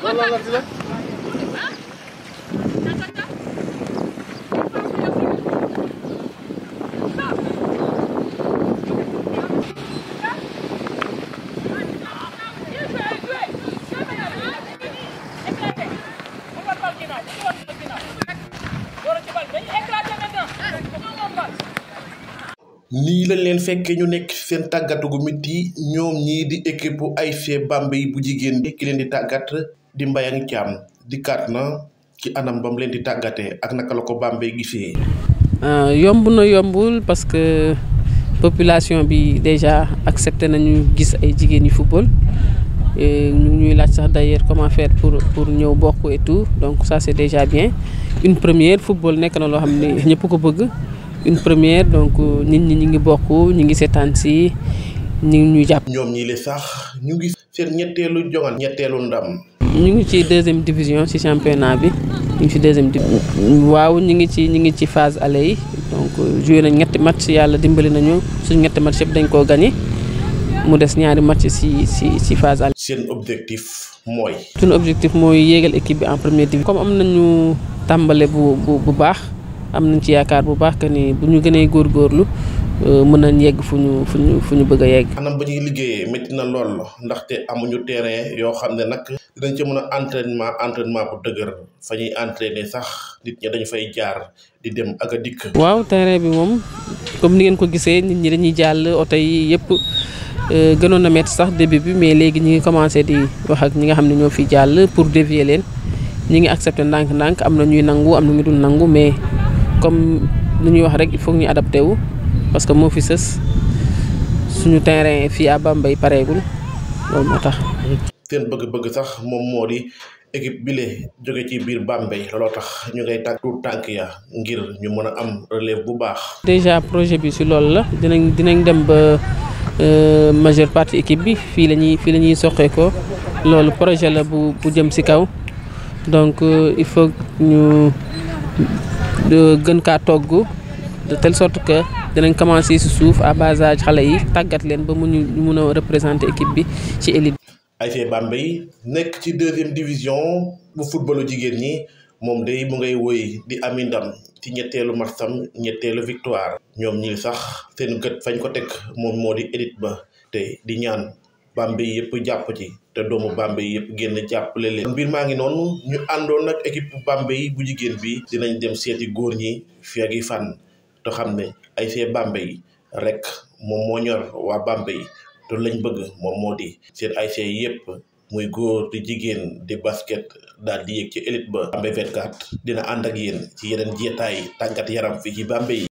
Voilà, voilà, voilà. nii la leen fekkee ñu nekk seen tàggatu gu metti ñoom ñii di ay ASC Bambey bu jigéen bi ki leen di tàggat di Mbayang di dikkaat na ci anam ba mu leen di tàggatee ak naka la ko Bambey gisee. Euh, yomb na yombul parce que population bi déjà accepté nañu gis ay jigéen yu football ñu ñuy laaj sax d'ailleurs comment faire pour pour ñëw bokk et donc ça c'est déjà bien une première football nekk na loo xam ne ñëpp ko bëgg. une première donc euh, nit ñi ñu ngi bokk ñu ngi seetaan si ñu ngi ñu jàpp. ñoom ñii li sax ñu ngi. seen ñetteelu joŋan. ñetteelu ndam. ñu ngi ci deuxième division ci championnat bi ñu ngi ci deuxième division. waaw ñu ngi ci ñu ngi ci phase aller yi donc euh, joué nañ ñetti match yàlla dimbali nañu suñ ñetti match bi dañ koo gagné mu des ñaari match ci ci ci phase aller. seen objectif mooy. suñu objectif mooy yéegal équipe bi en première division. comme am nañu tàmbale bu bu bu baax. am nañ ci yaakaar bu baax que nii bu ñu gënee góorgóorlu euh, mën nañ yegg fu ñu fu ñu fu ñu bëgg a yegg. anam ba ñuy liggéeyee métti na lool ndaxte amuñu terrain yoo xam ne nag dinañ ci mën a entraînement entraînement bu sax nit ñi dañu fay jaar di dem ak a dikk. waaw terrain bi moom comme ni ngeen ko gisee nit ñi dañuy jàll oto yi yëpp. Euh, gënoon na métti sax début bi mais léegi ñi ngi commencé di wax ak ñi nga xam ne ñoo fi jàll pour dévier leen ñi ngi accepté ndànk-ndànk am na ñuy nangu am na ñu dul nangu mais comme lu ñuy wax rek il faut ñu adapté wu parce que moo fi sës suñu terrain fii à Bambey pareegul loolu moo tax. seen bëgg-bëgg sax moom moo di équipe bile jóge ci biir Bambey looloo tax ñu ngay tàggu tànk ya ngir ñu mën a am relève bu baax. déjà projet bi si loolu la dinañ dinañ dem ba euh, majeure partie équipe bi fii la ñuy fii la ñuy ko loolu projet la bu bu jëm si kaw donc euh, il faut ñu. gën kaa togg de telle sorte que dinañ commencé si suuf à bas xale yi tàggat leen ba mu ñu mun a représenter équipe bi ci élite ASC Bambey nekk ci deuxième division bu footballu jigéen ñi moom day mu ngay woy di am ci ñetteelu marsam ñetteelu victoire ñoom ñi sax seen gët fañ ko teg moom moo di élite ba te di ñaan Bambey yëpp jàpp ci te doomu Bambey yëpp génn jàppale leen. mbir maa ngi noonu ñu àndoon nag équipe bu Bambey bu jigéen bi. dinañ dem seeti góor ñi fi ak i fan te xam ne ay fee Bambey rek moom moo ñor waa Bambey te lañ bëgg moom moo di. seen ay fee yëpp muy góor di jigéen di basket daal di yéeg ci élite ba. Bambey 24 dina ànd ak yéen ci yeneen jeetaay tàggat yaram fii ci Bambey.